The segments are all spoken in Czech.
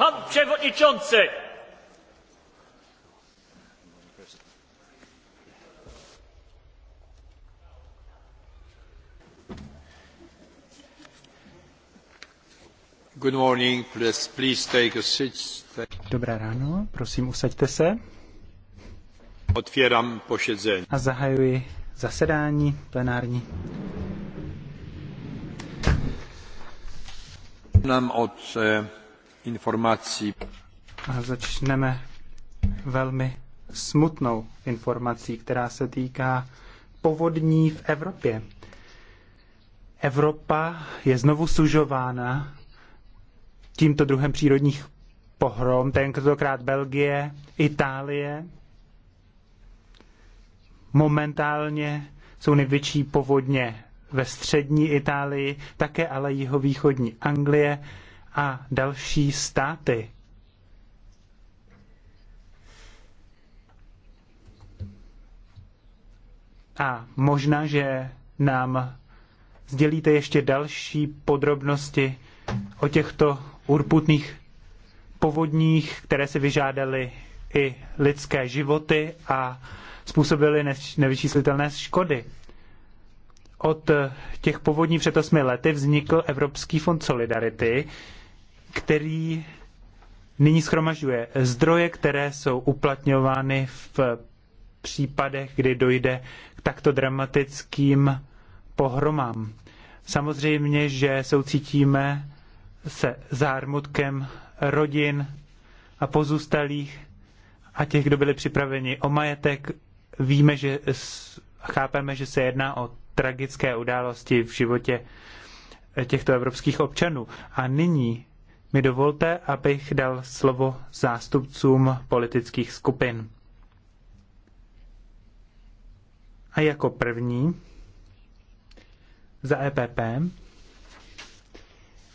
Pan przewodniczący! Good morning, please, please take a seat. Dobré ráno, prosím, usaďte se. Otvírám pošedzení. A zahajuji zasedání plenární. Nám od eh, informací. A začneme velmi smutnou informací, která se týká povodní v Evropě. Evropa je znovu sužována tímto druhem přírodních pohrom, tentokrát Belgie, Itálie. Momentálně jsou největší povodně ve střední Itálii, také ale jihovýchodní Anglie, a další státy. A možná, že nám sdělíte ještě další podrobnosti o těchto urputných povodních, které si vyžádaly i lidské životy a způsobily nevyčíslitelné škody. Od těch povodní před osmi lety vznikl Evropský fond Solidarity, který nyní schromažďuje zdroje, které jsou uplatňovány v případech, kdy dojde k takto dramatickým pohromám. Samozřejmě, že soucítíme se zármutkem rodin a pozůstalých a těch, kdo byli připraveni o majetek. Víme, že chápeme, že se jedná o tragické události v životě eh, těchto evropských občanů. A nyní mi dovolte, abych dal slovo zástupcům politických skupin. A jako první za EPP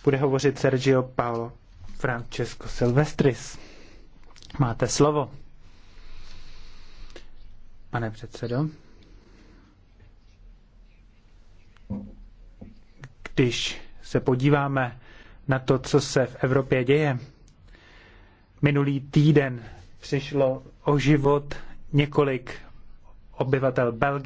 bude hovořit Sergio Paolo Francesco Silvestris. Máte slovo. Pane předsedo. Když se podíváme na to, co se v Evropě děje. Minulý týden přišlo o život několik obyvatel Belgie.